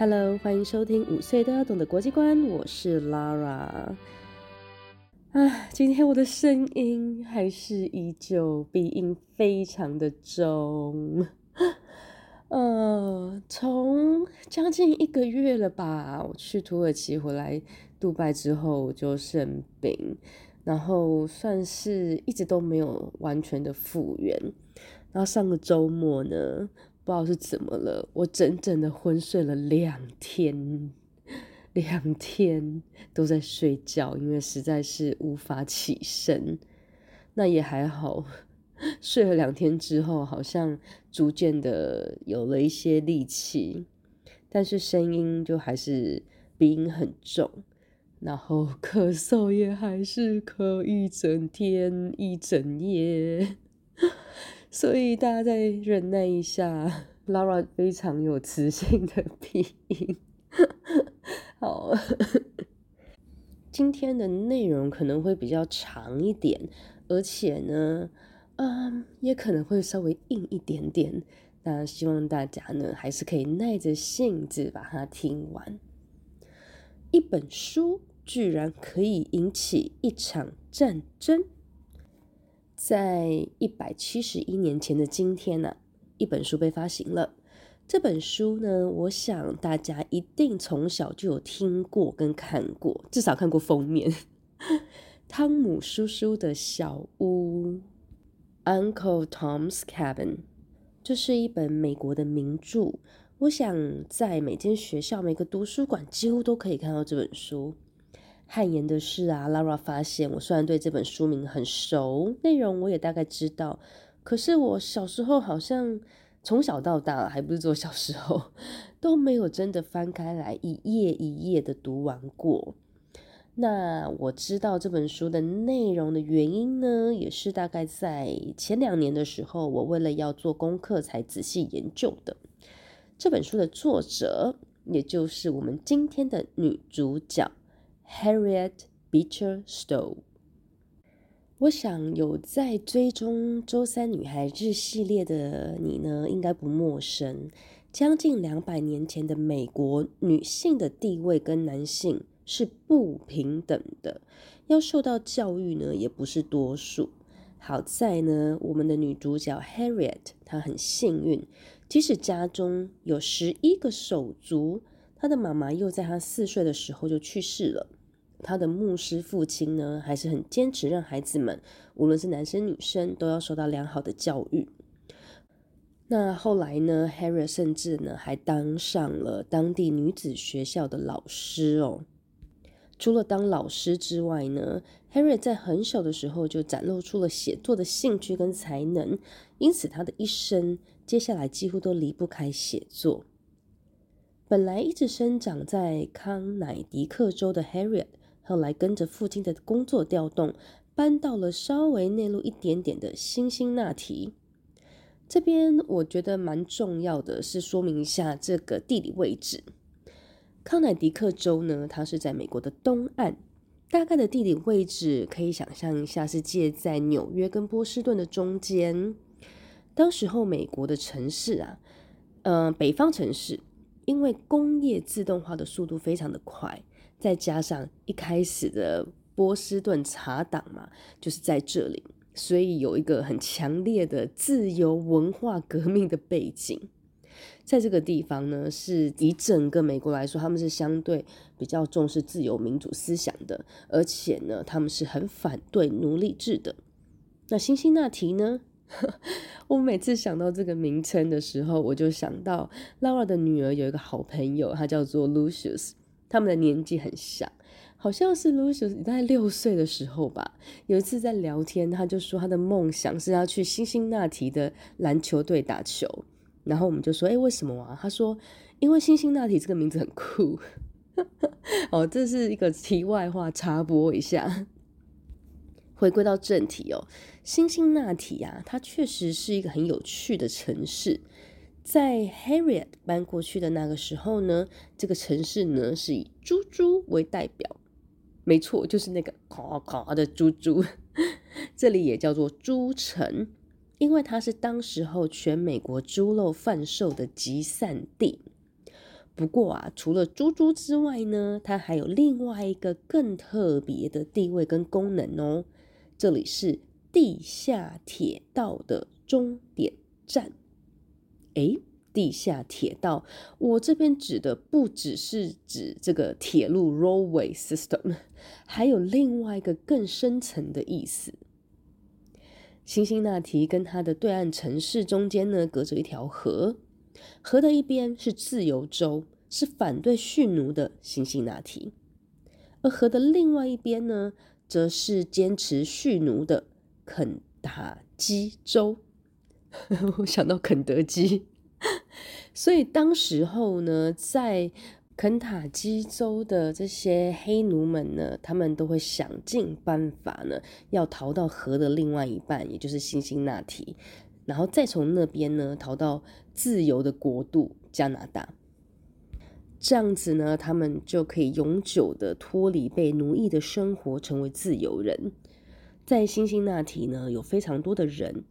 Hello，歡迎收聽《五歲都要懂的國際觀》，我是 Lara。唉，今天我的聲音還是依舊，鼻音非常的重。呃，從將近一個月了吧，我去土耳其回來，杜拜之後就生病，然後算是一直都沒有完全的復原。然後上個周末呢。不知道是怎麼了，我整整的昏睡了兩天，兩天都在睡覺，因為實在是無法起身。那也還好，睡了兩天之後，好像逐漸的有了一些力氣，但是聲音就還是鼻音很重，然後咳嗽也還是咳一整天一整夜。所以大家再忍耐一下，Lara 非常有磁性的鼻音， 好， 今天的內容可能會比較長一點，而且呢，嗯，也可能會稍微硬一點點，但希望大家呢還是可以耐着性子把它聽完。一本書居然可以引起一場戰爭。在一百七十一年前的今天呢、啊，一本書被發行了。這本書呢，我想大家一定從小就有聽過跟看過，至少看過封面，《湯姆叔叔的小屋》（Uncle Tom's Cabin）。這是一本美國的名著，我想在每間學校、每個圖書館幾乎都可以看到這本書。汗顏的事啊，Lara 發現我雖然對這本書名很熟，內容我也大概知道，可是我小時候好像從小到大，還不是做小時候，都沒有真的翻開來一頁一頁的讀完過。那我知道這本書的內容的原因呢，也是大概在前兩年的時候，我為了要做功課才仔細研究的。這本書的作者，也就是我們今天的女主角。Harriet Beecher Stowe，我想有在追蹤《週三女孩日》系列的你呢，應該不陌生。將近兩百年前的美國，女性的地位跟男性是不平等的，要受到教育呢，也不是多數。好在呢，我們的女主角 Harriet 她很幸運，即使家中有十一個手足，她的媽媽又在她四歲的時候就去世了。他的牧師父親呢，還是很堅持讓孩子們，無論是男生女生，都要受到良好的教育。那後來呢，Harriet 甚至呢還當上了當地女子學校的老師哦。除了當老師之外呢，Harriet 在很小的時候就展露出了寫作的興趣跟才能，因此他的一生接下來幾乎都離不開寫作。本來一直生長在康乃狄克州的 Harriet，後來跟着父親的工作調動，搬到了稍微內陸一點點的辛辛那提。這邊我覺得蠻重要的是說明一下這個地理位置。康乃狄克州呢，它是在美國的東岸，大概的地理位置可以想象一下是介在紐約跟波士頓的中間。當時候美國的城市啊，嗯、呃，北方城市，因為工業自動化的速度非常的快。再加上一開始的波士頓茶黨嘛，就是在這裡，所以有一個很強烈的自由文化革命的背景。在這個地方呢，是以整個美國來說，他們是相對比較重視自由民主思想的，而且呢，他們是很反對奴隸制的。那辛辛那提呢？ 我每次想到這個名稱的時候，我就想到 Laura 的女兒有一個好朋友，他叫做 Lucius。他們的年紀很小，好像是 Lucy 大概六歲的時候吧。有一次在聊天，他就說他的夢想是要去辛辛那提的籃球隊打球。然後我們就說：“哎、欸，為什麼啊？”他說：“因為辛辛那提這個名字很酷。 ”哦，這是一個題外話插播一下。回歸到正題哦，辛辛那提啊，它確實是一個很有趣的城市。在 Harriet 搬過去的那個時候呢，這個城市呢是以豬豬為代表，沒錯，就是那個嘎嘎的豬豬，這裡也叫做豬城，因為它是當時候全美國豬肉販售的集散地。不過啊，除了豬豬之外呢，它還有另外一個更特別的地位跟功能哦，這裡是地下鐵道的終點站。誒，地下鐵道，我這邊指的不只是指這個鐵路 railway system，還有另外一個更深層的意思。辛辛那提跟它的對岸城市中間呢，隔着一條河，河的一邊是自由州，是反對蓄奴的辛辛那提，而河的另外一邊呢，則是堅持蓄奴的肯塔基州。 我想到肯德基， 所以當時候呢，在肯塔基州的這些黑奴們呢，他們都會想盡辦法呢，要逃到河的另外一半，也就是辛辛那提，然後再從那邊呢逃到自由的國度加拿大。這樣子呢，他們就可以永久的脫離被奴役的生活，成為自由人。在辛辛那提呢，有非常多的人。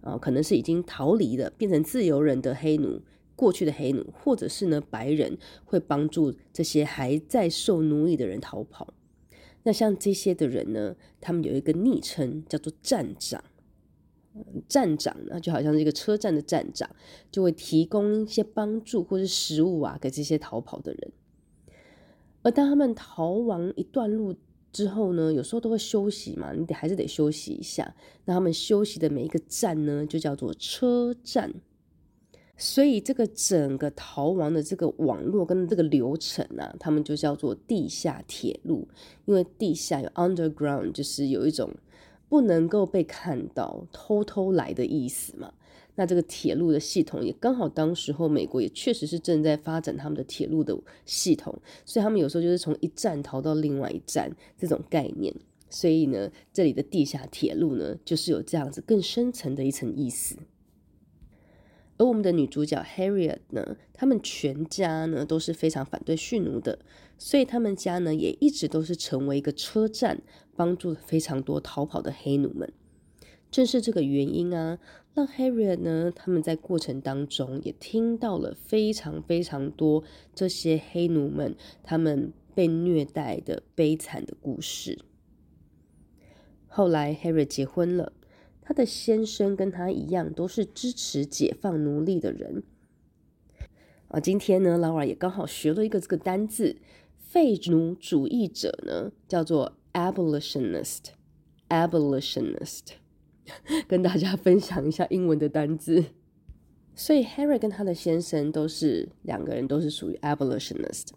啊、哦，可能是已經逃離了，變成自由人的黑奴、過去的黑奴，或者是呢白人會幫助這些還在受奴役的人逃跑。那像這些的人呢，他們有一個昵稱叫做站長。嗯、站長呢，就好像是一個車站的站長，就會提供一些幫助或是食物啊給這些逃跑的人。而當他們逃亡一段路，之後呢，有時候都會休息嘛，你得還是得休息一下。那他們休息的每一個站呢，就叫做車站。所以這個整個逃亡的這個網絡跟這個流程啊，他們就叫做地下鐵路，因為地下有 underground，就是有一種不能夠被看到、偷偷來的意思嘛。那這個鐵路的系統也剛好，當時候美國也確實是正在發展他們的鐵路的系統，所以他們有時候就是從一站逃到另外一站這種概念。所以呢，這裡的地下鐵路呢，就是有這樣子更深層的一層意思。而我們的女主角 Harriet 呢，他們全家呢都是非常反對蓄奴的，所以他們家呢也一直都是成為一個車站，幫助了非常多逃跑的黑奴們。正是這個原因啊。像 Harriet 呢，他們在過程當中也聽到了非常非常多這些黑奴們他們被虐待的悲慘的故事。後來 Harriet 結婚了，她的先生跟她一樣都是支持解放奴隸的人。啊，今天呢，Laura 也剛好學了一個這個單字，廢奴主義者呢，叫做 abolitionist，abolitionist abolitionist。 跟大家分享一下英文的單字，所以 Harriet 跟他的先生都是兩個人都是屬於 abolitionist。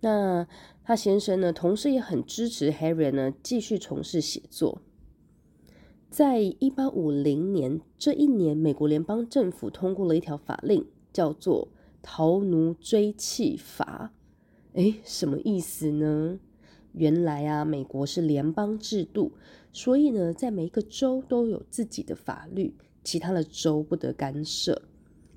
那他先生呢，同時也很支持 Harriet 呢繼續從事寫作。在一八五零年這一年，美國聯邦政府通過了一條法令，叫做《逃奴追緝法》。誒，什麼意思呢？原來啊，美國是聯邦制度。所以呢，在每一個州都有自己的法律，其他的州不得干涉。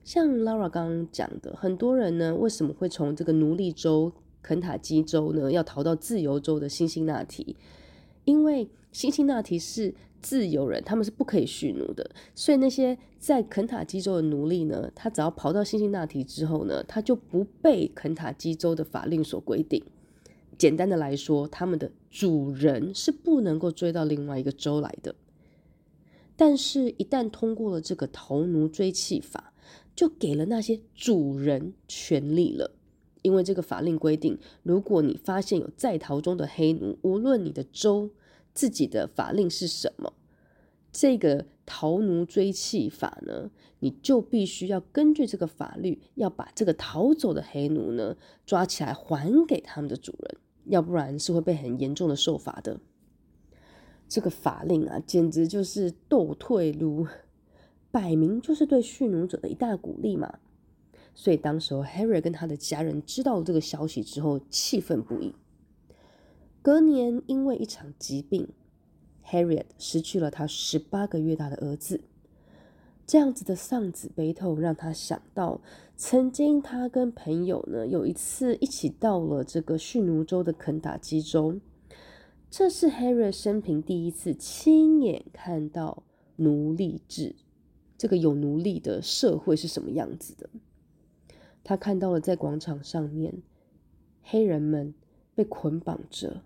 像 Lara 剛剛講的，很多人呢為什麼會從這個奴隸州肯塔基州呢，要逃到自由州的辛辛那提？因為辛辛那提是自由人，他們是不可以蓄奴的。所以那些在肯塔基州的奴隸呢，他只要跑到辛辛那提之後呢，他就不被肯塔基州的法令所規定。簡單的來說，他們的，主人是不能夠追到另外一個州來的，但是，一旦通過了這個逃奴追緝法，就給了那些主人權利了。因為這個法令規定，如果你發現有在逃中的黑奴，無論你的州自己的法令是什麼，這個逃奴追緝法呢，你就必須要根據這個法律，要把這個逃走的黑奴呢抓起來還給他們的主人。要不然，是會被很嚴重的受罰的。這個法令啊，簡直就是倒退嚕，擺明就是對蓄奴者的一大鼓勵嘛。所以，當時候 Harriet 跟他的家人知道了這個消息之後，氣憤不已。隔年，因為一場疾病，Harriet 失去了他十八個月大的兒子。這樣子的喪子悲痛讓他想到，曾經他跟朋友呢，有一次一起到了這個蓄奴州的肯塔基州，這是 Harriet 生平第一次親眼看到奴隸制，這個有奴隸的社會是什麼樣子的。他看到了在廣場上面，黑人們被捆綁着，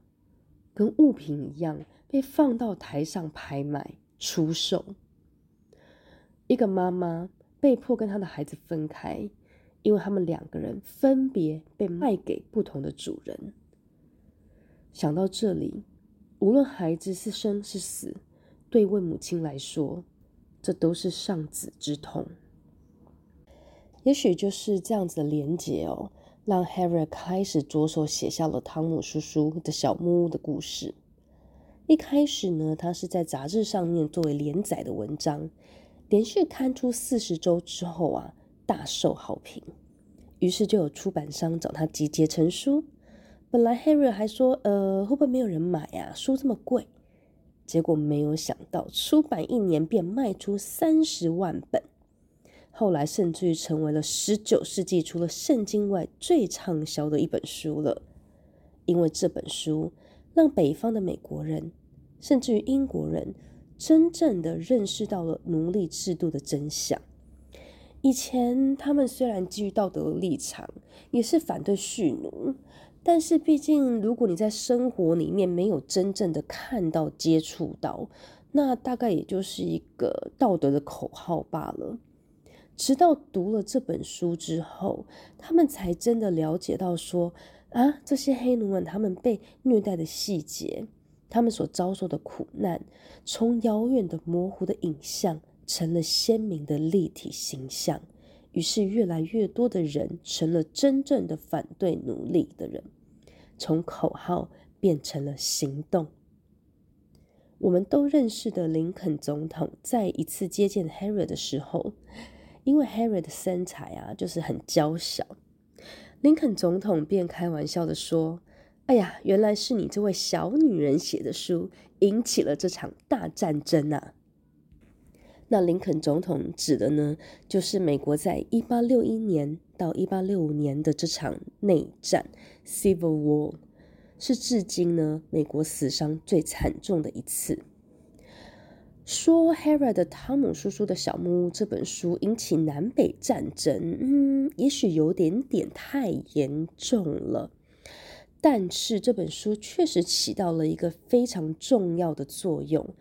跟物品一樣被放到台上拍賣出售。一個媽媽被迫跟她的孩子分開，因為他們兩個人分別被賣給不同的主人。想到這裡，無論孩子是生是死，對一位母親來說，這都是喪子之痛。也許就是這樣子的連結哦，讓 Harriet 開始着手寫下了湯姆叔叔的小木屋的故事。一開始呢，他是在雜誌上面作為連載的文章。連續刊出四十周之後啊，大受好評，於是就有出版商找他集結成書。本來 Harriet 還說，呃，會不會沒有人買啊？書這麼貴，結果沒有想到，出版一年便賣出三十萬本，後來甚至於成為了十九世紀除了聖經外最暢銷的一本書了。因為這本書讓北方的美國人，甚至於英國人，真正的認識到了奴隸制度的真相。以前他們雖然基於道德立場，也是反對蓄奴，但是畢竟如果你在生活裡面沒有真正的看到、接觸到，那大概也就是一個道德的口號罷了。直到讀了這本書之後，他們才真的了解到說，啊，這些黑奴們他們被虐待的細節。他們所遭受的苦難，從遙遠的模糊的影像，成了鮮明的立體形象。於是，越來越多的人成了真正的反對奴隸的人，從口號變成了行動。我們都認識的林肯總統，在一次接見 Harriet 的時候，因為 Harriet 的身材啊，就是很嬌小，林肯總統便開玩笑的說。哎呀，原來是你這位小女人寫的書引起了這場大戰爭吶、啊！那林肯總統指的呢，就是美國在一八六一年到一八六五年的這場內戰 （Civil War） 是至今呢美國死傷最慘重的一次。說 Harriet 的湯姆叔叔的小木屋這本書引起南北戰爭，嗯，也許有點點太嚴重了。但是這本書確實起到了一個非常重要的作用，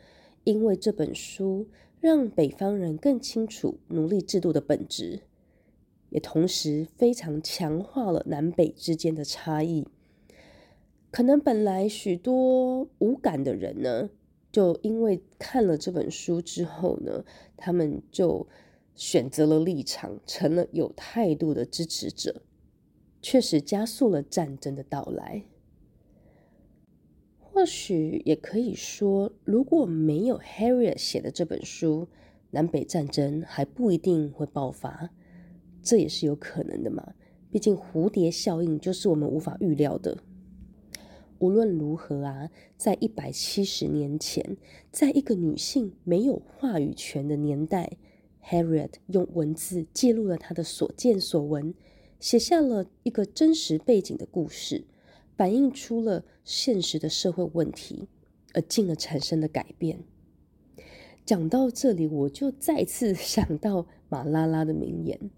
因為這本書讓北方人更清楚奴隸制度的本質，也同時非常強化了南北之間的差異。可能本來許多無感的人呢，就因為看了這本書之後呢，他們就選擇了立場，成了有態度的支持者。確實加速了戰爭的到來。或許也可以說，如果沒有 Harriet 寫的這本書，南北戰爭還不一定會爆發。這也是有可能的嘛，畢竟蝴蝶效應就是我們無法預料的。無論如何啊，在一百七十年前，在一個女性沒有話語權的年代，Harriet 用文字記錄了她的所見所聞。寫下了一個真實背景的故事，反映出了現實的社會問題，而進而產生的改變。講到這裡，我就再次想到馬拉拉的名言：“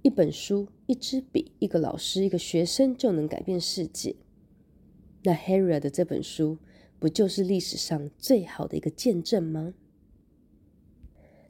一本書、一支筆、一個老師、一個學生就能改變世界。”那 Harriet 的這本書，不就是歷史上最好的一個見證嗎？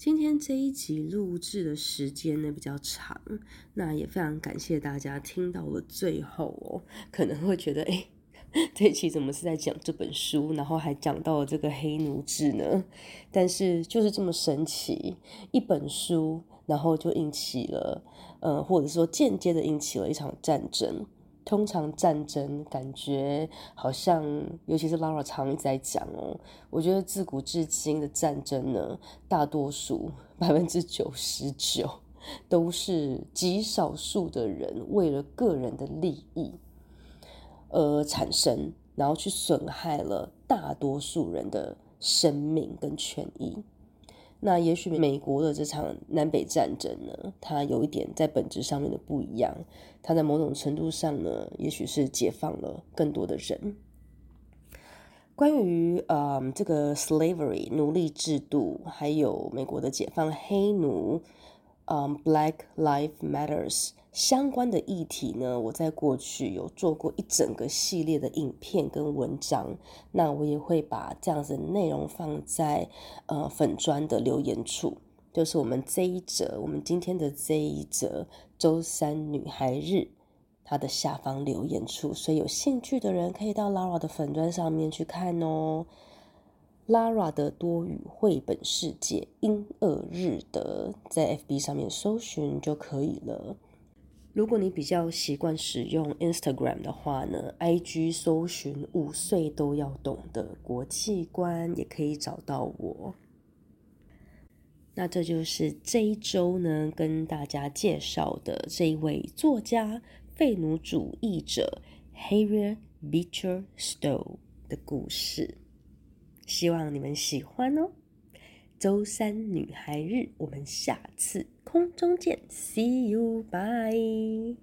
今天這一集錄製的時間呢，比較長，那也非常感謝大家聽到了最後哦、喔。可能會覺得，哎、欸，這一期怎麼是在講這本書，然後還講到了這個黑奴制呢？但是就是這麼神奇，一本書，然後就引起了，呃，或者說間接的引起了一場戰爭。通常戰爭感覺好像，尤其是 Lara 常常一直在講哦，我覺得自古至今的戰爭呢，大多數百分之九十九都是極少數的人為了個人的利益而產生，然後去損害了大多數人的生命跟權益。那也許美國的這場南北戰爭呢，它有一點在本質上面的不一樣，它在某種程度上呢，也許是解放了更多的人。關於嗯、um, 這個 slavery 奴隸制度，還有美國的解放黑奴，嗯、um, Black Lives Matters。相關的議題呢，我在過去有做過一整個系列的影片跟文章，那我也會把這樣子的內容放在呃粉專的留言處，就是我們這一則，我們今天的這一則週三女孩日，它的下方留言處，所以有興趣的人可以到 Lara 的粉專上面去看哦，Lara 的多語繪本世界英二日的，在 FB 上面搜尋就可以了。如果你比較習慣使用 Instagram 的話呢，IG 搜尋“五歲都要懂的國際觀”也可以找到我。那這就是這一周呢，跟大家介紹的這一位作家廢奴主義者 Harriet Beecher Stowe 的故事，希望你們喜歡哦。周三女孩日，我們下次空中見，See you, bye.